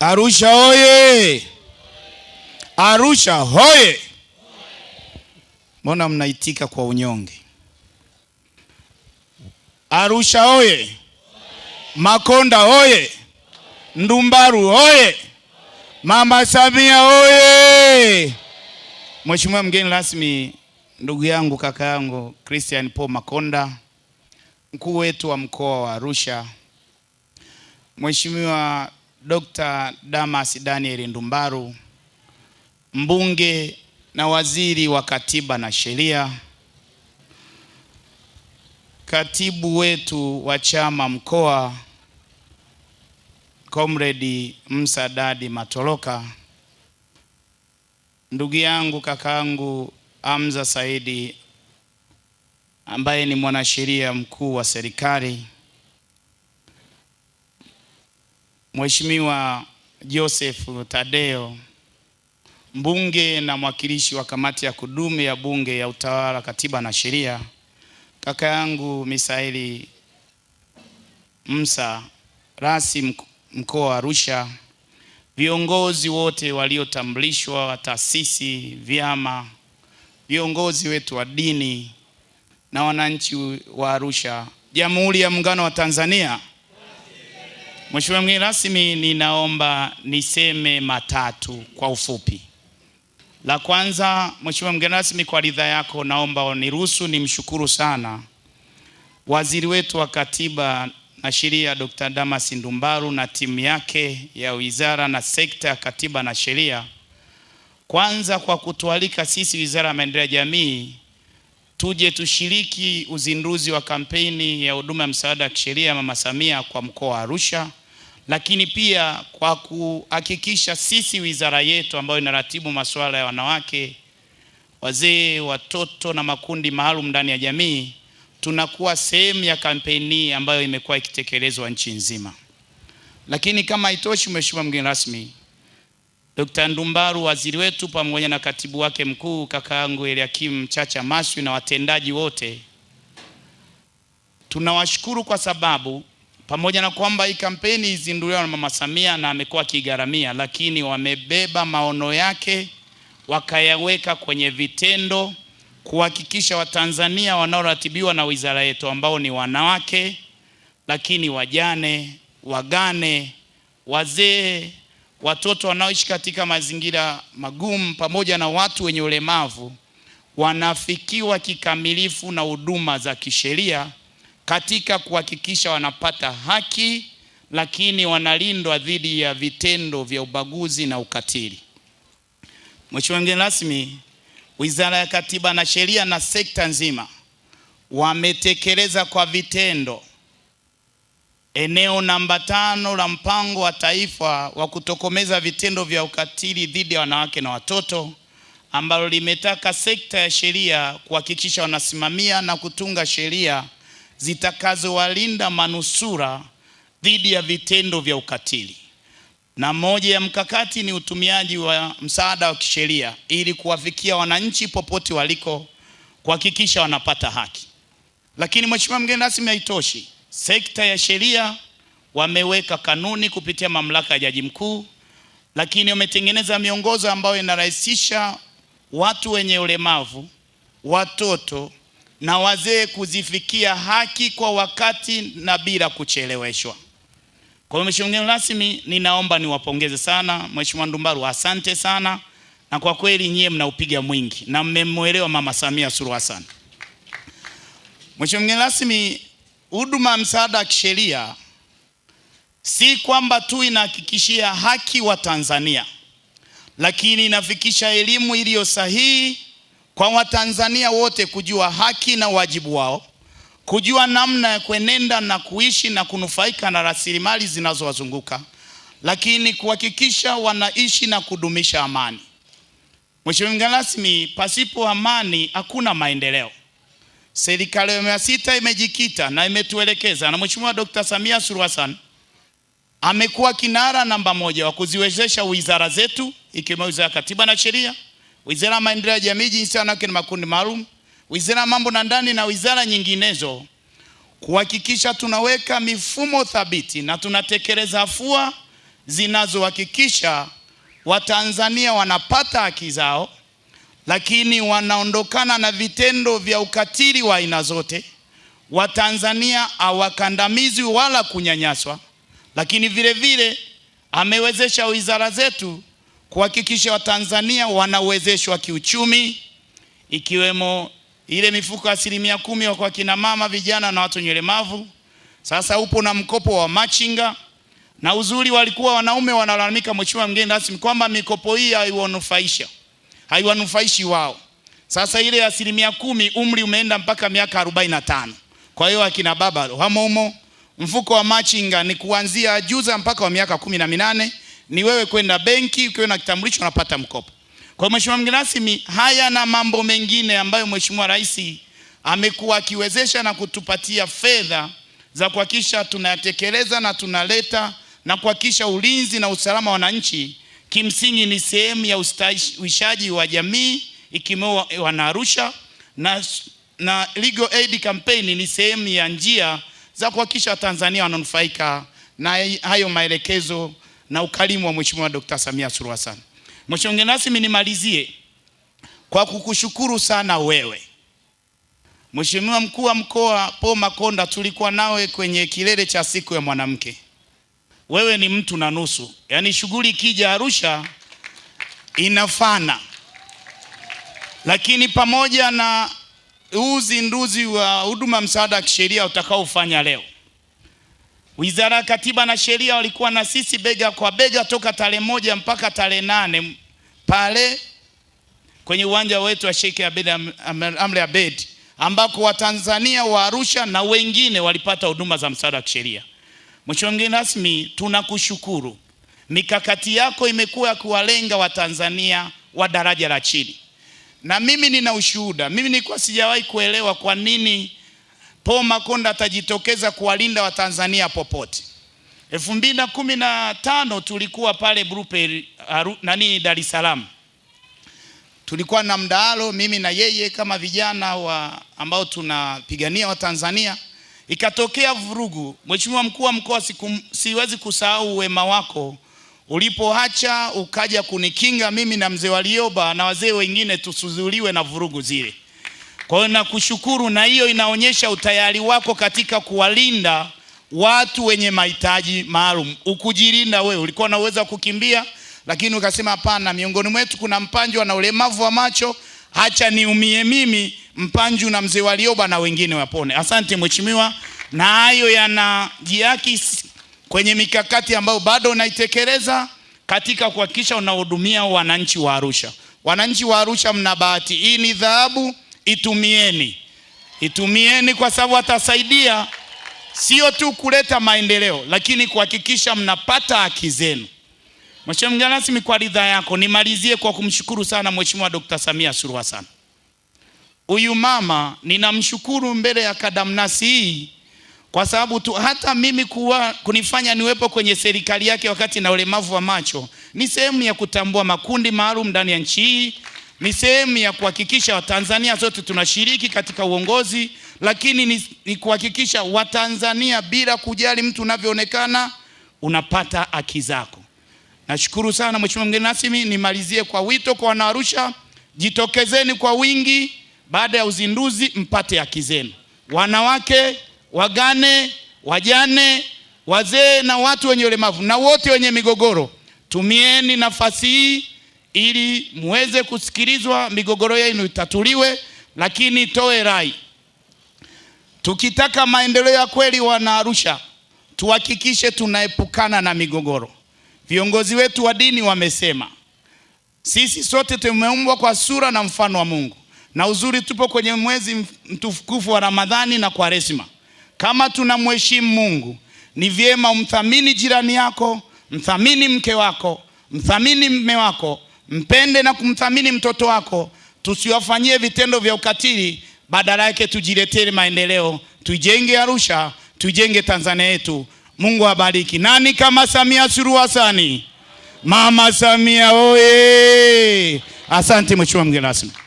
Arusha hoye! Arusha hoye! Mbona mnaitika kwa unyonge? Arusha hoye! Makonda hoye! Ndumbaru hoye! Mama Samia hoye! Mheshimiwa mgeni rasmi, ndugu yangu, kaka yangu Christian Paul Makonda, mkuu wetu wa mkoa wa Arusha, Mheshimiwa Dr. Damas Daniel Ndumbaru, mbunge na waziri wa Katiba na Sheria, katibu wetu wa chama mkoa Comrade Musa Dadi Matoloka, ndugu yangu kakaangu Hamza Saidi ambaye ni mwanasheria mkuu wa serikali Mheshimiwa Joseph Tadeo, mbunge na mwakilishi wa kamati ya kudumu ya Bunge ya Utawala, Katiba na Sheria, kaka yangu Misaeli Msa, rasi mkoa wa Arusha, viongozi wote waliotambulishwa wa taasisi, vyama, viongozi wetu wa dini na wananchi wa Arusha, Jamhuri ya Muungano wa Tanzania. Mheshimiwa mgeni rasmi, ninaomba niseme matatu kwa ufupi. La kwanza, Mheshimiwa mgeni rasmi, kwa ridha yako naomba uniruhusu nimshukuru sana waziri wetu wa Katiba na Sheria Dr. Damas Ndumbaru na timu yake ya wizara na sekta ya Katiba na Sheria, kwanza kwa kutualika sisi Wizara ya Maendeleo ya Jamii tuje tushiriki uzinduzi wa kampeni ya huduma ya msaada wa kisheria Mama Samia kwa mkoa wa Arusha, lakini pia kwa kuhakikisha sisi wizara yetu ambayo inaratibu masuala ya wanawake, wazee, watoto na makundi maalum ndani ya jamii tunakuwa sehemu ya kampeni ambayo imekuwa ikitekelezwa nchi nzima. Lakini kama haitoshi, Mheshimiwa mgeni rasmi Dr. Ndumbaru waziri wetu pamoja na katibu wake mkuu kakaangu Eliakim Chacha Maswi na watendaji wote, tunawashukuru kwa sababu pamoja na kwamba hii kampeni izinduliwa na Mama Samia na amekuwa akigharamia, lakini wamebeba maono yake wakayaweka kwenye vitendo kuhakikisha Watanzania wanaoratibiwa na wizara yetu ambao ni wanawake, lakini wajane, wagane, wazee watoto wanaoishi katika mazingira magumu pamoja na watu wenye ulemavu wanafikiwa kikamilifu na huduma za kisheria katika kuhakikisha wanapata haki, lakini wanalindwa dhidi ya vitendo vya ubaguzi na ukatili. Mheshimiwa mgeni rasmi, Wizara ya Katiba na Sheria na sekta nzima wametekeleza kwa vitendo Eneo namba tano la mpango wa taifa wa kutokomeza vitendo vya ukatili dhidi ya wanawake na watoto ambalo limetaka sekta ya sheria kuhakikisha wanasimamia na kutunga sheria zitakazowalinda manusura dhidi ya vitendo vya ukatili. Na moja ya mkakati ni utumiaji wa msaada wa kisheria ili kuwafikia wananchi popote waliko kuhakikisha wanapata haki. Lakini Mheshimiwa mgeni rasmi, haitoshi sekta ya sheria wameweka kanuni kupitia mamlaka ya jaji mkuu, lakini wametengeneza miongozo ambayo inarahisisha watu wenye ulemavu, watoto na wazee kuzifikia haki kwa wakati na bila kucheleweshwa. Kwa Mheshimiwa mgeni rasmi, ninaomba niwapongeze sana Mheshimiwa Ndumbaru, asante sana, na kwa kweli nyie mnaupiga mwingi na mmemwelewa Mama Samia Suluhu Hassan. Mheshimiwa mgeni rasmi, Huduma ya msaada wa kisheria si kwamba tu inahakikishia haki wa Tanzania, lakini inafikisha elimu iliyo sahihi kwa Watanzania wote kujua haki na wajibu wao, kujua namna ya kuenenda na kuishi na kunufaika na rasilimali zinazowazunguka, lakini kuhakikisha wanaishi na kudumisha amani. Mheshimiwa mgeni rasmi, pasipo amani hakuna maendeleo. Serikali ya awamu ya sita imejikita na imetuelekeza, na Mheshimiwa Dr. Samia Suluhu Hassan amekuwa kinara namba moja wa kuziwezesha wizara zetu ikiwemo Wizara ya Katiba na Sheria, Wizara ya Maendeleo ya Jamii, Jinsia, Wanawake na Makundi Maalum, Wizara ya Mambo na Ndani na wizara nyinginezo kuhakikisha tunaweka mifumo thabiti na tunatekeleza afua zinazohakikisha Watanzania wanapata haki zao lakini wanaondokana na vitendo vya ukatili wa aina zote. Watanzania hawakandamizwi wala kunyanyaswa, lakini vile vile amewezesha wizara zetu kuhakikisha Watanzania wanawezeshwa kiuchumi, ikiwemo ile mifuko asilimia kumi kwa kina mama, vijana na watu wenye ulemavu. Sasa upo na mkopo wa machinga na uzuri, walikuwa wanaume wanalalamika, mheshimiwa mgeni rasmi, kwamba mikopo hii haiwanufaisha haiwanufaishi wao. Sasa ile asilimia kumi, umri umeenda mpaka miaka arobaini na tano. Kwa hiyo akina baba hamomo. Mfuko wa machinga ni kuanzia juza mpaka wa miaka kumi na minane ni wewe kwenda benki ukiwa na kitambulisho unapata mkopo. Kwa mheshimiwa mgeni rasmi, haya na mambo mengine ambayo mheshimiwa rais amekuwa akiwezesha na kutupatia fedha za kuhakikisha tunayatekeleza na tunaleta na kuhakikisha ulinzi na usalama wa wananchi kimsingi ni sehemu ya ustawishaji wa jamii ikiwemo Wanaarusha na, na Legal Aid Campaign ni sehemu ya njia za kuhakikisha Watanzania wananufaika na hayo maelekezo na ukarimu wa Mheshimiwa Dkt. Samia Suluhu Hassan. Mheshimiwa mgeni rasmi, nimalizie kwa kukushukuru sana wewe Mheshimiwa mkuu wa mkoa Paul Makonda, tulikuwa nawe kwenye kilele cha siku ya mwanamke wewe ni mtu na nusu, yaani shughuli ikija Arusha inafana, lakini pamoja na huu uzinduzi wa huduma msaada wa kisheria utakaofanya leo, Wizara ya Katiba na Sheria walikuwa na sisi bega kwa bega toka tarehe moja mpaka tarehe nane pale kwenye uwanja wetu wa Sheikh Abeid Amri Abeid ambako Watanzania wa Arusha na wengine walipata huduma za msaada wa kisheria. Mheshimiwa mgeni rasmi, tunakushukuru. Mikakati yako imekuwa kuwalenga Watanzania wa daraja la chini, na mimi nina ushuhuda. Mimi nilikuwa sijawahi kuelewa kwa nini Paul Makonda atajitokeza kuwalinda Watanzania popote. elfu mbili na kumi na tano tulikuwa pale Brupe nani, Dar es Salaam, tulikuwa na mdahalo, mimi na yeye kama vijana wa ambao tunapigania Watanzania Ikatokea vurugu. Mheshimiwa mkuu wa mkoa, siwezi kusahau wema wako ulipoacha ukaja kunikinga mimi na mzee Walioba na wazee wengine tusuzuliwe na vurugu zile. Kwa hiyo nakushukuru, na hiyo inaonyesha utayari wako katika kuwalinda watu wenye mahitaji maalum. Ukujilinda wewe, ulikuwa na uwezo wa kukimbia, lakini ukasema hapana, miongoni mwetu kuna mpanjwa na ulemavu wa macho hacha niumie mimi Mpanju na mzee Walioba na wengine wapone. Asante mheshimiwa, na hayo yanajiakisi kwenye mikakati ambayo bado unaitekeleza katika kuhakikisha unahudumia wananchi wa Arusha. Wananchi wa Arusha mna bahati hii, ni dhahabu, itumieni, itumieni kwa sababu atasaidia sio tu kuleta maendeleo, lakini kuhakikisha mnapata haki zenu. Mheshimiwa mgeni rasmi, kwa ridhaa yako nimalizie kwa kumshukuru sana Mheshimiwa Dkt. Samia Suluhu Hassan. Huyu mama ninamshukuru mbele ya kadamnasi hii kwa sababu tu hata mimi kuwa, kunifanya niwepo kwenye serikali yake wakati na ulemavu wa macho ni sehemu ya kutambua makundi maalum ndani ya nchi hii, ni sehemu ya kuhakikisha Watanzania zote tunashiriki katika uongozi, lakini ni, ni kuhakikisha Watanzania bila kujali mtu unavyoonekana unapata haki zako. Nashukuru sana mheshimiwa mgeni rasmi, nimalizie kwa wito kwa Wanaarusha, jitokezeni kwa wingi baada ya uzinduzi, mpate haki zenu. Wanawake, wagane, wajane, wazee na watu wenye ulemavu na wote wenye migogoro, tumieni nafasi hii ili muweze kusikilizwa, migogoro yenu itatuliwe. Lakini toe rai, tukitaka maendeleo ya kweli, Wanaarusha, tuhakikishe tunaepukana na migogoro. Viongozi wetu wa dini wamesema sisi sote tumeumbwa kwa sura na mfano wa Mungu, na uzuri tupo kwenye mwezi mtukufu wa Ramadhani na Kwaresma. Kama tunamheshimu Mungu, ni vyema umthamini jirani yako, mthamini mke wako, mthamini mme wako, mpende na kumthamini mtoto wako. Tusiwafanyie vitendo vya ukatili, badala yake tujiletee maendeleo, tuijenge Arusha, tuijenge Tanzania yetu. Mungu abariki. Nani kama Samia Suluhu Hassan? Mama Samia oye! Asante mheshimiwa mgeni rasmi.